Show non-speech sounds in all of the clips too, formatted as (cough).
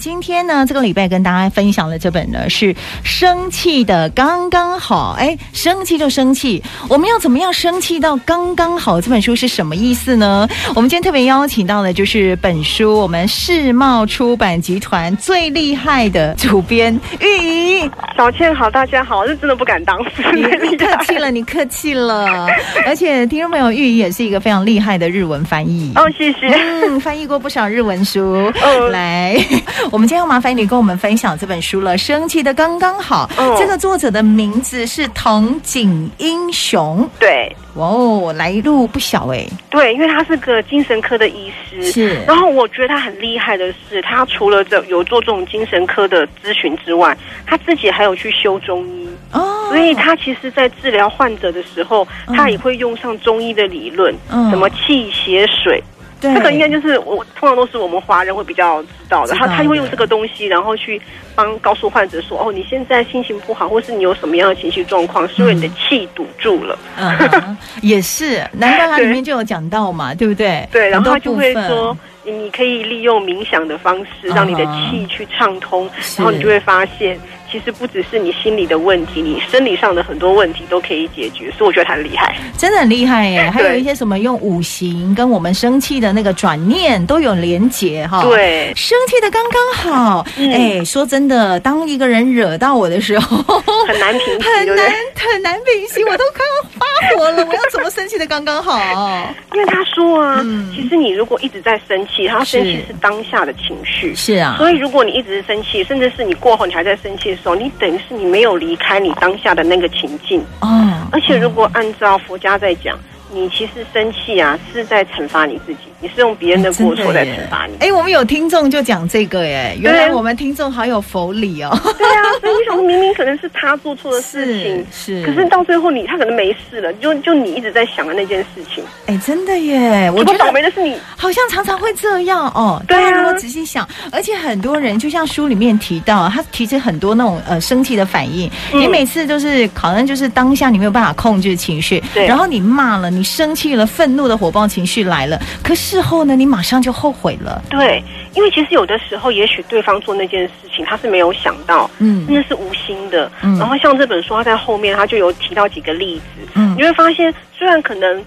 今天呢，這個禮拜跟大家分享的這本呢是《生氣得剛剛好》。哎，生氣就生氣，我們要怎麼樣生氣到剛剛好？這本書是什麼意思呢？我們今天特別邀請到的就是本書我們世茂出版集團最厲害的主編鈺儀。小倩好，大家好，我是真的不敢當，你客氣了，你客氣了。 (laughs) 而且聽眾朋友，鈺儀也是一個非常厲害的日文翻譯。哦，謝謝。嗯，翻譯過不少日文書。哦，來。我們今天要麻煩你跟我們分享這本書了，《生氣得剛剛好》嗯。這個作者的名字是藤井英雄。對，哦，來路不小哎、欸。對，因為他是個精神科的醫師。是。然後我覺得他很厲害的是，他除了這有做這種精神科的諮詢之外，他自己還有去修中醫。哦。所以他其實，在治療患者的時候，哦、他也會用上中醫的理論，嗯、哦，什麼氣、血、水。對這個應該就是我通常都是我們華人會比較知道的，道的他，他就會用這個東西，然後去幫告訴患者說，哦，你現在心情不好，或是你有什麼樣的情緒狀況，是因為你的氣堵住了。嗯、啊哈， (laughs) 也是，難怪他裡面就有講到嘛，對，對不對？對，然後他就會說，你，你可以利用冥想的方式，讓你的氣去暢通，啊、哈然後你就會發現，其實不只是你心理的問題，你生理上的很多問題都可以解決，所以我覺得他很厲害，真的很厲害耶、欸！還有一些什麼用五行跟我們生氣的那個轉念都有連結哈、哦。對，生氣得剛剛好。哎、嗯欸，說真的，當一個人惹到我的時候，很難平息， (laughs) 很難對對很難平息，我都快要發火了，我要怎麼生氣得剛剛好哦？因為他。嗯，其實你如果一直在生氣，他生氣是當下的情緒，是，是啊。所以如果你一直生氣，甚至是你過後你還在生氣的時候，你等於是你沒有離開你當下的那個情境。啊，嗯，而且如果按照佛家在講，你其實生氣啊，是在懲罰你自己。你是用別人的過錯在懲罰你哎。哎，我們有聽眾就講這個耶，哎對，原來我們聽眾好有佛理哦。對啊，所以為什麼明明可能是他做錯的事情，是，是可是到最後你他可能沒事了，就就你一直在想的那件事情。哎，真的耶，我覺得我倒霉的是你，好像常常會這樣哦。對啊，如果仔細想，而且很多人就像書裡面提到，他提起很多那種呃生氣的反應，你、嗯、每次就是好像就是當下你沒有辦法控制情緒，對然後你罵了，你生氣了，憤怒的火爆情緒來了，可是。事後呢，你馬上就後悔了。對，因為其實有的時候，也許對方做那件事情，他是沒有想到，嗯，真的是無心的。嗯，然後像這本書，他在後面他就有提到幾個例子，嗯，你會發現雖然可能。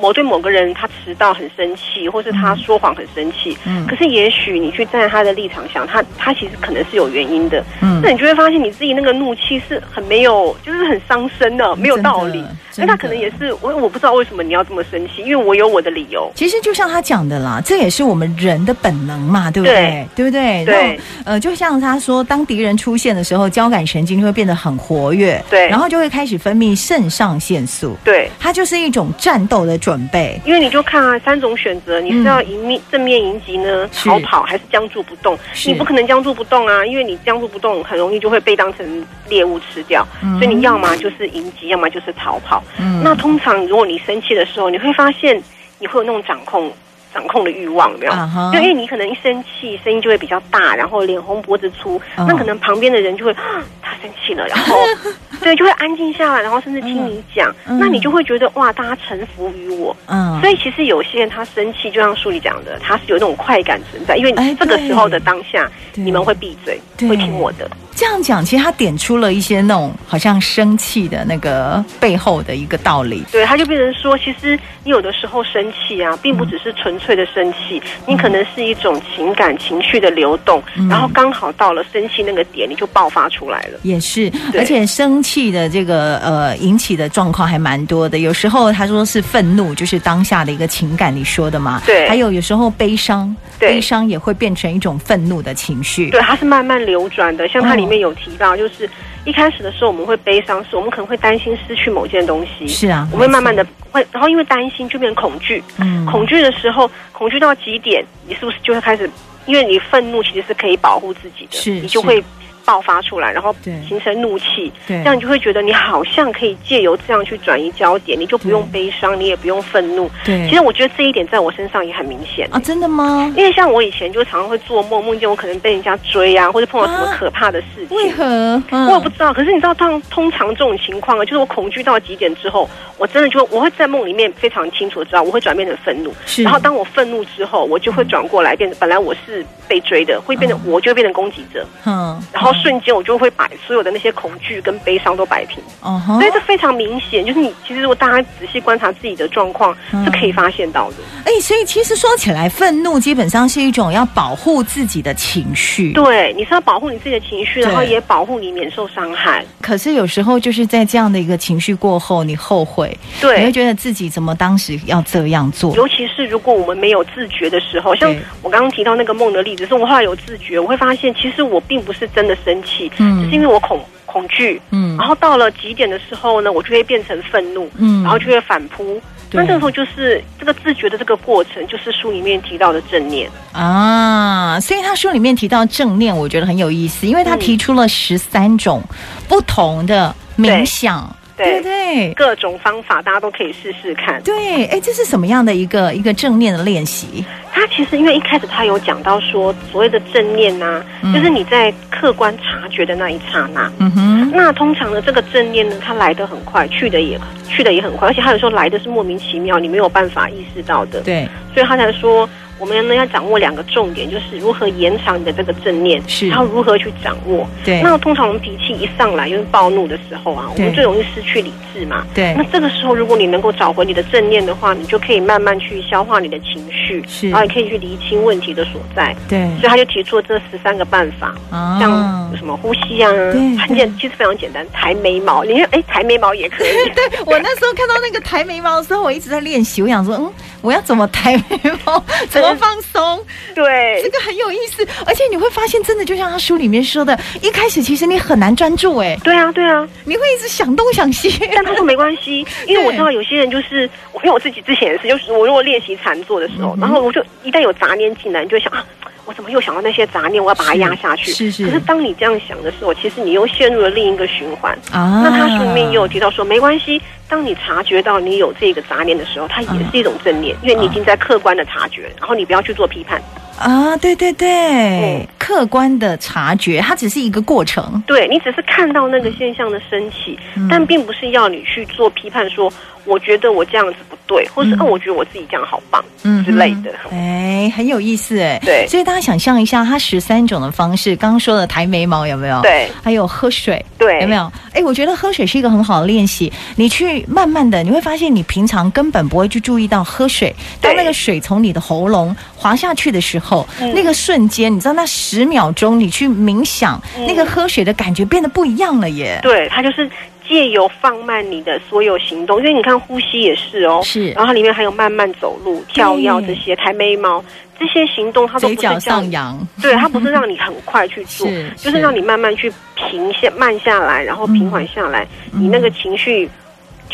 我對某個人他遲到很生氣，或是他說謊很生氣，嗯，可是也許你去站在他的立場想，他他其實可能是有原因的，嗯，那你就會發現你自己那個怒氣是很沒有，就是很傷身的，沒有道理，那他可能也是我我不知道為什麼你要這麼生氣，因為我有我的理由。其實就像他講的啦，這也是我們人的本能嘛，對不對？對，對不對？對，呃，就像他說，當敵人出現的時候，交感神經就會變得很活躍，對，然後就會開始分泌腎上腺素，對，它就是一種戰鬥的。準備，因為你就看啊，三種選擇，你是要迎面、嗯、正面迎擊呢，逃跑還是僵住不動？是你不可能僵住不動啊，因為你僵住不動很容易就會被當成獵物吃掉。嗯、所以你要麼就是迎擊，要麼就是逃跑。嗯、那通常如果你生氣的時候，你會發現你會有那種掌控。掌控的欲望，對，有沒有？就、uh huh. 因為你可能一生氣，聲音就會比較大，然後臉紅脖子粗，uh huh. 那可能旁邊的人就會、啊、他生氣了，然後， (laughs) 對，就會安靜下來，然後甚至聽你講，uh huh. 那你就會覺得哇，大家臣服於我，嗯、uh，huh. 所以其實有些人他生氣，就像書裡講的，他是有那種快感存在，因為這個時候的當下，uh huh. 你們會閉嘴，uh huh. 會聽我的。這樣講，其實他點出了一些那種好像生氣的那個背後的一個道理。對，他就變成說，其實你有的時候生氣啊，並不只是純粹的生氣，嗯、你可能是一種情感情緒的流動，嗯、然後剛好到了生氣那個點，你就爆發出來了。也是，對而且生氣的這個呃引起的狀況還蠻多的。有時候他說是憤怒，就是當下的一個情感，你說的嘛。對。還有有時候悲傷，對悲傷也會變成一種憤怒的情緒。對，它是慢慢流轉的，像他、嗯裡面有提到，就是一開始的時候，我們會悲傷，是我們可能會擔心失去某件東西，是啊，我會慢慢的會，然後因為擔心就變成恐懼。嗯，恐懼的時候，恐懼到極點，你是不是就會開始？因為你憤怒其實是可以保護自己的，是，你就會。爆發出來，然後形成怒氣，對這樣你就會覺得你好像可以借由這樣去轉移焦點，對你就不用悲傷，對你也不用憤怒。對其實我覺得這一點在我身上也很明顯、欸、啊！真的嗎？因為像我以前就常常會做夢，夢見我可能被人家追啊，或者碰到什麼可怕的事情、啊。為何？啊、我也不知道。可是你知道，當通常這種情況啊，就是我恐懼到極點之後，我真的就我會在夢裡面非常清楚的知道，我會轉變成憤怒。是然後當我憤怒之後，我就會轉過來變，本來我是被追的，會變成我就會變成攻擊者。嗯、啊，然後。瞬間，我就會把所有的那些恐懼跟悲傷都擺平。哦、uh-huh、所以這非常明顯，就是你其實如果大家仔細觀察自己的狀況、嗯、是可以發現到的。哎、欸，所以其實說起來，憤怒基本上是一種要保護自己的情緒。對，你是要保護你自己的情緒，然後也保護你免受傷害。對可是有時候就是在這樣的一個情緒過後，你後悔，對，你會覺得自己怎麼當時要這樣做？尤其是如果我們沒有自覺的時候，像我剛剛提到那個夢的例子，是我後來有自覺，我會發現其實我並不是真的。生氣，嗯、就是因為我恐恐懼，嗯，然後到了極點的時候呢，我就會變成憤怒，嗯、然後就會反撲。對那這個時候就是這個自覺的這個過程，就是書裡面提到的正念啊。所以他書裡面提到正念，我覺得很有意思，因為他提出了十三種不同的冥想。嗯對，對對，各種方法大家都可以試試看。對，哎，這是什麼樣的一個一個正念的練習？他其實因為一開始他有講到說，所謂的正念呢、啊，嗯、就是你在客觀察覺的那一剎那。嗯哼。那通常呢，這個正念呢，它來得很快，去的也去的也很快，而且他有時候來的是莫名其妙，你沒有辦法意識到的。對，所以他才說。我們呢，要掌握兩個重點，就是如何延長你的這個正念，是，然後如何去掌握。對。那通常我們脾氣一上來，就是暴怒的時候啊，我們最容易失去理智嘛。對。那這個時候，如果你能夠找回你的正念的話，你就可以慢慢去消化你的情緒，是，然後也可以去釐清問題的所在。對。所以他就提出了這十三個辦法，像什麼呼吸啊，很簡單，其實非常簡單，抬眉毛。你看，哎，抬眉毛也可以。對，我那時候看到那個抬眉毛的時候，我一直在練習，我想說，嗯，我要怎麼抬眉毛？多放鬆，對，這個很有意思，而且你會發現，真的就像他書裡面說的，一開始其實你很難專注，哎，對啊，對啊，你會一直想東想西。但他說沒關係，因為我知道有些人就是，對我因為我自己之前也是，就是我如果練習禪坐的時候，嗯、然後我就一旦有雜念進來，就會想。我怎麼又想到那些雜念？我要把它壓下去。是，是是。可是當你這樣想的時候，其實你又陷入了另一個循環。啊。那他順便又提到說，沒關係。當你察覺到你有這個雜念的時候，它也是一種正念，啊、因為你已經在客觀的察覺，然後你不要去做批判。啊，對對對。嗯客觀的察覺，它只是一個過程。對你只是看到那個現象的升起，嗯、但並不是要你去做批判說，說我覺得我這樣子不對，或是哦、嗯啊，我覺得我自己這樣好棒，嗯哼之類的。哎、欸，很有意思、欸，哎，對。所以大家想象一下，它十三種的方式，剛剛說的抬眉毛有沒有？對，還有喝水，對，有沒有？哎、欸，我覺得喝水是一個很好的練習。你去慢慢的，你會發現你平常根本不會去注意到喝水。當那個水從你的喉嚨滑下去的時候，對那個瞬間，你知道那十十秒鐘，你去冥想，那個喝水的感覺變得不一樣了耶。嗯、對，它就是借由放慢你的所有行動，因為你看呼吸也是哦，是。然後它裡面還有慢慢走路、跳躍這些、抬對眉毛這些行動，它都不是叫嘴角上揚。對，它不是讓你很快去做， (laughs) 是是就是讓你慢慢去平下、慢下來，然後平緩下來，嗯、你那個情緒。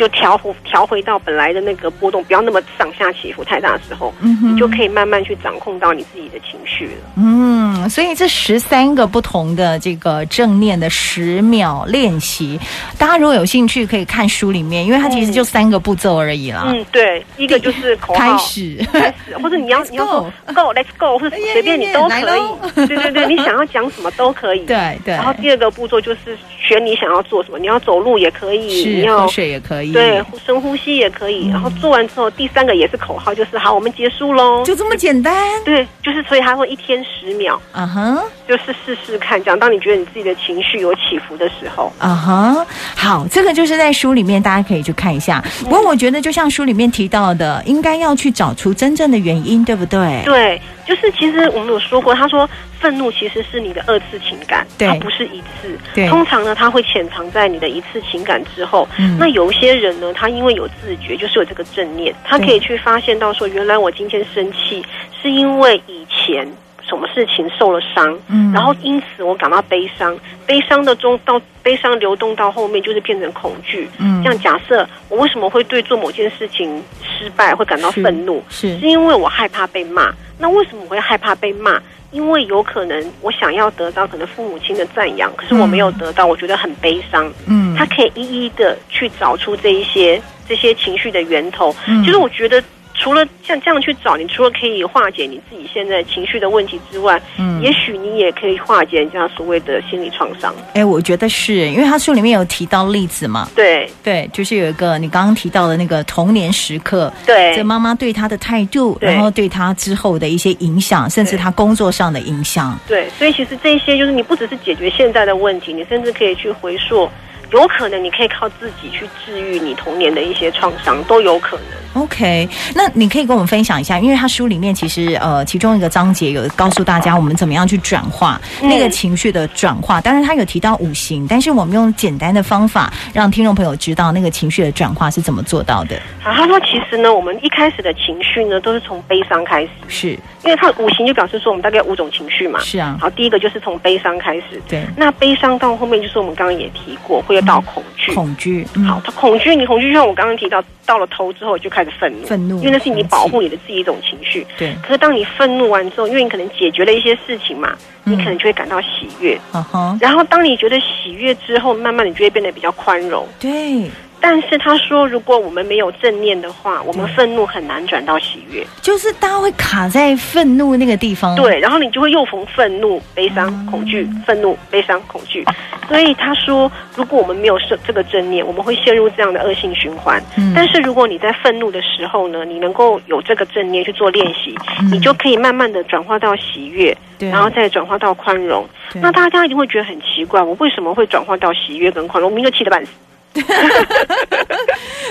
就調回調回到本來的那個波動，不要那麼上下起伏太大的時候，嗯、哼你就可以慢慢去掌控到你自己的情緒了。嗯，所以這十三個不同的這個正念的十秒練習，大家如果有興趣，可以看書裡面，因為它其實就三個步驟而已啦。嗯，嗯，對，一個就是口號，對開始，開始，或者你要 s 你要說 go let's go，或者隨便你都可以。Yeah, yeah, yeah，對對對，你想要講什麼都可以。對對。對，然後第二個步驟就是選你想要做什麼，你要走路也可以，是你要喝水也可以。對，深呼吸也可以。然後做完之後，第三個也是口號，就是好，我們結束嘍，就這麼簡單。對，就是所以他會一天十秒，啊哼、uh，huh. 就是試試看。這樣當你覺得你自己的情緒有起伏的時候，啊哼、uh，huh. 好，這個就是在書裡面大家可以去看一下。不過我覺得，就像書裡面提到的，應該要去找出真正的原因，對不對？對。就是其實我們有說過，他說憤怒其實是你的二次情感，對它不是一次。對通常呢，它會潛藏在你的一次情感之後。嗯、那有一些人呢，他因為有自覺，就是有這個正念，他可以去發現到說，對原來我今天生氣是因為以前什麼事情受了傷，嗯、然後因此我感到悲傷，悲傷的中到悲傷流動到後面就是變成恐懼。嗯、這樣假設我為什麼會對做某件事情失敗會感到憤怒，是，是，是因為我害怕被罵。那為什麼我會害怕被罵？因為有可能我想要得到可能父母親的讚揚，可是我沒有得到，嗯、我覺得很悲傷。嗯，他可以一一的去找出這一些這些情緒的源頭。嗯，就是我覺得。除了像這樣去找，你除了可以化解你自己現在情緒的問題之外，嗯，也許你也可以化解人家所謂的心理創傷。哎、欸，我覺得是因為他書裡面有提到例子嘛，對對，就是有一個你剛剛提到的那個童年時刻，對，這媽媽對他的態度，對然後對他之後的一些影響，對甚至他工作上的影響，對，所以其實這一些就是你不只是解決現在的問題，你甚至可以去回溯。有可能你可以靠自己去治癒你童年的一些創傷，都有可能。OK，那你可以跟我們分享一下，因為他書裡面其實呃其中一個章節有告訴大家我們怎麼樣去轉化那個情緒的轉化。當然、嗯、他有提到五行，但是我們用簡單的方法讓聽眾朋友知道那個情緒的轉化是怎麼做到的。好，他說其實呢，我們一開始的情緒呢都是從悲傷開始，是因為他五行就表示說我們大概五種情緒嘛。是啊，好，第一個就是從悲傷開始。對，那悲傷到後面就是我們剛剛也提過會有。嗯、到恐懼、嗯，恐懼。好，他恐懼，你恐懼，就像我剛剛提到，到了頭之後就開始憤怒，憤怒，因為那是你保護你的自己一種情緒。對，可是當你憤怒完之後，因為你可能解決了一些事情嘛，嗯、你可能就會感到喜悅。嗯、然後當你覺得喜悅之後，慢慢的就會變得比較寬容。對。但是他說，如果我們沒有正念的話，對我們憤怒很難轉到喜悅，就是大家會卡在憤怒那個地方。對，然後你就會又逢憤怒、悲傷、恐懼，嗯、憤怒、悲傷、恐懼。所以他說，如果我們沒有設這個正念，我們會陷入這樣的惡性循環。嗯、但是如果你在憤怒的時候呢，你能夠有這個正念去做練習，嗯、你就可以慢慢的轉化到喜悅，對然後再轉化到寬容。對那大家一定會覺得很奇怪，我為什麼會轉化到喜悅跟寬容？我明明氣得半死。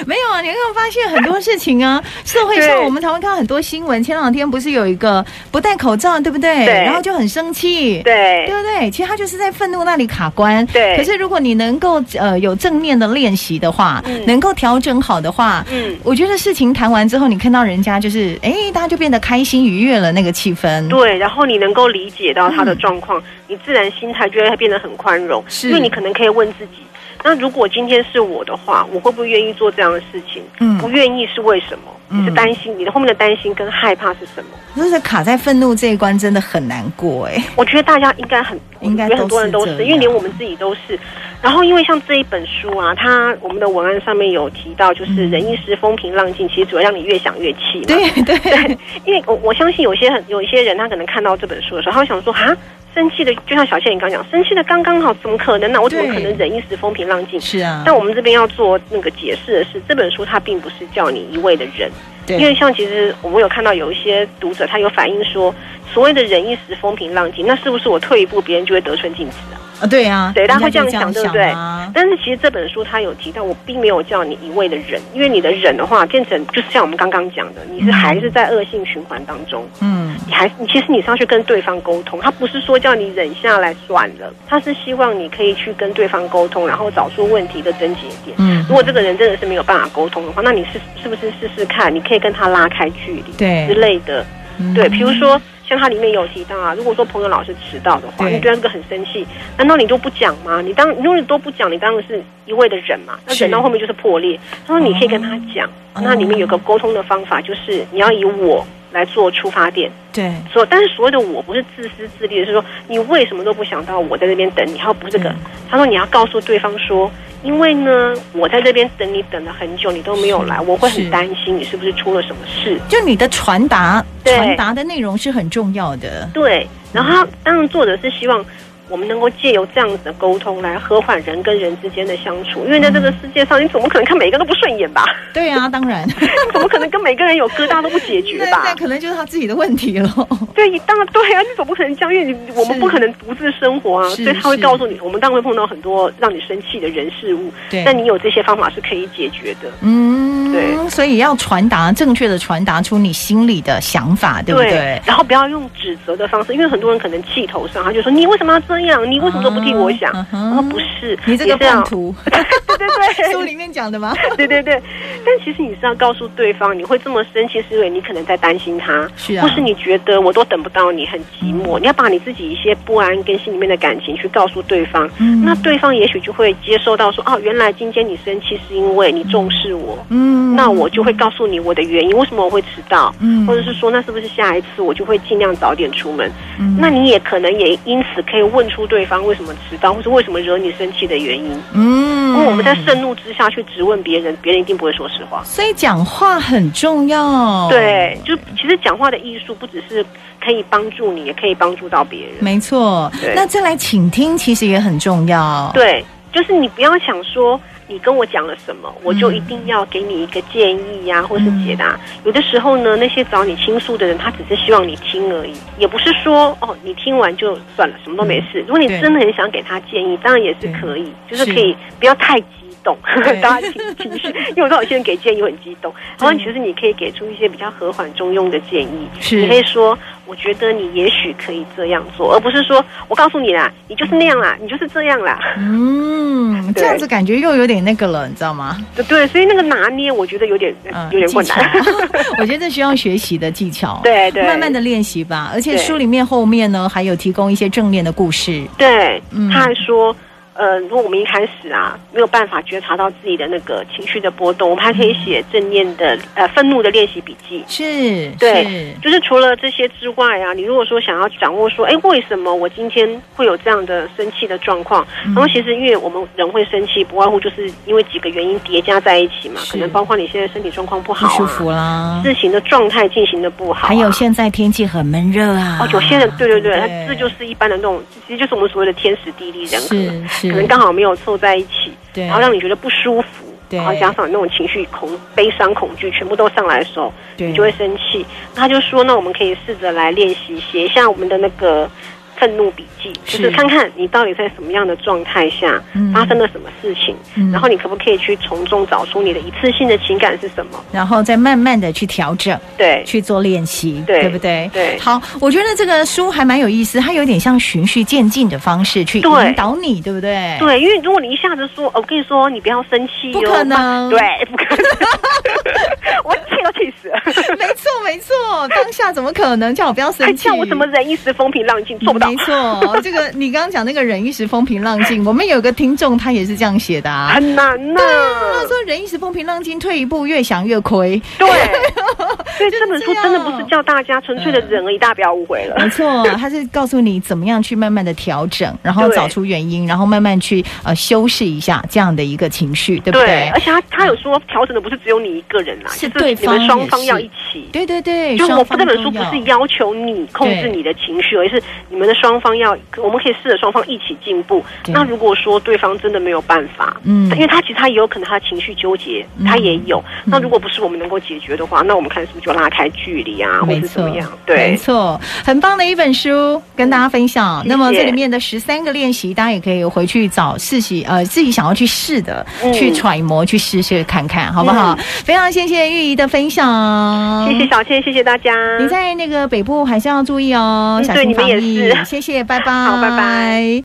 沒有啊，你有沒有發現很多事情啊？社會上我們台灣看到很多新聞，前兩天不是有一個不戴口罩，對不對？對。然後就很生氣，對，對不對？其實他就是在憤怒那裡卡關。對。可是如果你能夠呃有正面的練習的話，能夠調整好的話，嗯，我覺得事情談完之後，你看到人家就是，哎，大家就變得開心愉悅了，那個氣氛。對。然後你能夠理解到他的狀況，你自然心態就會變得很寬容，是。因為你可能可以問自己。那如果今天是我的話，我會不會願意做這樣的事情？嗯，不願意是為什麼？你、嗯、是擔心你的後面的擔心跟害怕是什麼？那是卡在憤怒這一關，真的很難過哎、欸。我覺得大家應該很，應該很多人都是，都是，因為連我們自己都是。然後因為像這一本書啊，它我們的文案上面有提到，就是忍一時，風平浪靜，嗯、其實主要讓你越想越氣嘛，對。對對，因為我我相信有些很，有一些人，他可能看到這本書的時候，他會想說啊。生氣的，就像小倩你剛剛講，生氣得剛剛好，怎麼可能呢？啊？我怎麼可能忍一時風平浪靜？是啊，但我們這邊要做那個解釋的是，這本書它並不是叫你一味的忍，對因為像其實我們有看到有一些讀者他有反映說。所謂的忍一時風平浪靜，那是不是我退一步，別人就會得寸進尺啊？對呀，啊，對，啊，大家會這樣想，樣想對不對？但是其實這本書他有提到，我並沒有叫你一味的忍，因為你的忍的話，變成就是像我們剛剛講的，你是還是在惡性循環當中。嗯，你還，其實你是要去跟對方溝通，他不是說叫你忍下來算了，他是希望你可以去跟對方溝通，然後找出問題的症結點。嗯，如果這個人真的是沒有辦法溝通的話，那你是是不是試試看，你可以跟他拉開距離，對之類的，對，嗯，比如說。像他裡面有提到啊，如果說朋友老是遲到的話，對你對那個很生氣，難道你都不講嗎？你當如果你都不講，你當然是一味的忍嘛，那忍是到後面就是破裂。他說你可以跟他講，嗯、那裡面有個溝通的方法，嗯、就是你要以我來做出發點，對，所但是所謂的我不是自私自利，就是說你為什麼都不想到我在那邊等你，他說不是、這個，對他說你要告訴對方說。因為呢，我在這邊等你等了很久，你都沒有來，我會很擔心你是不是出了什麼事。就你的傳達，對傳達的內容是很重要的。對，然後當然作者是希望。我們能夠借由這樣子的溝通來和緩人跟人之間的相處，因為在這個世界上，嗯、你怎麼可能看每一個都不順眼吧？對啊，當然， (laughs) 怎麼可能跟每個人有疙瘩都不解決吧？那可能就是他自己的問題咯。對，當然，對啊，你總不可能這樣，因為我們不可能獨自生活啊，是所以他會告訴你，我們當然會碰到很多讓你生氣的人事物。對，但你有這些方法是可以解決的。嗯，對，所以要傳達，正確的傳達出你心裡的想法，對不對？對，然後不要用指責的方式，因為很多人可能氣頭上，他就說，你為什麼要這。這樣，你為什麼都不替我想？說、啊啊、不是，你這個這樣， (laughs) 對對對， (laughs) 書裡面講的嗎？對對對。但其實你是要告訴對方，你會這麼生氣，是因為你可能在擔心他，是啊。或是你覺得我都等不到你，很寂寞。嗯、你要把你自己一些不安跟心裡面的感情去告訴對方，嗯、那對方也許就會接受到說，說、哦、啊，原來今天你生氣是因為你重視我。嗯。那我就會告訴你我的原因，為什麼我會遲到，嗯，或者是說，那是不是下一次我就會盡量早點出門？嗯，那你也可能也因此可以問出對方為什麼遲到，或者為什麼惹你生氣的原因。嗯，因為我們在盛怒之下去質問別人，別人一定不會說實話。所以講話很重要，對，就其實講話的藝術不只是可以幫助你，也可以幫助到別人。沒錯，對那再來傾聽其實也很重要。對，就是你不要想說。你跟我講了什麼，我就一定要給你一個建議呀、啊，嗯，或是解答。有的時候呢，那些找你傾訴的人，他只是希望你聽而已，也不是說哦，你聽完就算了，什麼都沒事。如果你真的很想給他建議，對當然也是可以，對就是可以不要太急。動，大家其實，因為我看到有些人給建議很激動，然後其實你可以給出一些比較和緩中庸的建議，你可以說，我覺得你也許可以這樣做，而不是說我告訴你啦，你就是那樣啦，你就是這樣啦。嗯，這樣子感覺又有點那個了，你知道嗎？對，所以那個拿捏，我覺得有點有點困難，我覺得這需要學習的技巧，對對，慢慢的練習吧。而且書裡面後面呢，還有提供一些正面的故事，對，他還說。呃，如果我們一開始啊沒有辦法覺察到自己的那個情緒的波動，我們還可以寫正念的，嗯、呃憤怒的練習筆記。是，對，是就是除了這些之外啊，你如果說想要掌握說，哎，為什麼我今天會有這樣的生氣的狀況？嗯、然後其實因為我們人會生氣，不外乎就是因為幾個原因疊加在一起嘛，是可能包括你現在身體狀況不好，啊，不舒服啦，啊，事情的狀態進行的不好，啊，還有現在天氣很悶熱啊。哦，有些人對對對，對這就是一般的那種，其實就是我們所謂的天時地利人和。是是。可能剛好沒有湊在一起，對然後讓你覺得不舒服，對然後加上那種情緒恐悲傷恐懼全部都上來的時候，對你就會生氣。那他就說：“那我們可以試着來練習寫一下我們的那個。”憤怒筆記，就是看看你到底在什麼樣的狀態下發生了什麼事情，嗯嗯、然後你可不可以去從中找出你的一次性的情感是什麼，然後再慢慢的去調整，對，去做練習，對，對，對不對？對。好，我覺得這個書還蠻有意思，它有點像循序漸進的方式去引導你，對，對不對？對，因為如果你一下子說，我跟你說你不要生氣，哦，不可能，對，不可能， (laughs) (laughs) 我氣都氣死了。沒錯，當下怎麼可能叫我不要生氣？還叫我怎麼忍一時風平浪靜？做不到。沒錯，這個你剛剛講那個忍一時風平浪靜， (laughs) 我們有個聽眾他也是這樣寫的啊，很難吶、啊。說他說忍一時風平浪靜，退一步越想越虧。對， (laughs) 樣所以這本書真的不是叫大家純粹的忍而已，大家不要誤會了。嗯、沒錯，他是告訴你怎麼樣去慢慢的調整，然後找出原因，對然後慢慢去呃修飾一下這樣的一個情緒，對不對？對，而且他他有說調整的不是只有你一個人啊，嗯、是你們雙方要一起。對，對對，對。對，就我這本書不是要求你控制你的情緒，而是你們的雙方要，我們可以試着雙方一起進步。那如果說對方真的沒有辦法，嗯，因為他其實他也有可能他的情緒糾結，他也有。那如果不是我們能夠解決的話，那我們看是不是就拉開距離啊，或是怎麼樣？對，沒錯，很棒的一本書跟大家分享。那麼這裡面的十三個練習，大家也可以回去找自己呃自己想要去試的，去揣摩去試試看看好不好？非常謝謝鈺儀的分享，謝謝小。謝謝,謝謝大家，你在那個北部還是要注意哦，對小心防疫。你們也是。謝謝， (laughs) 拜拜，好，拜拜。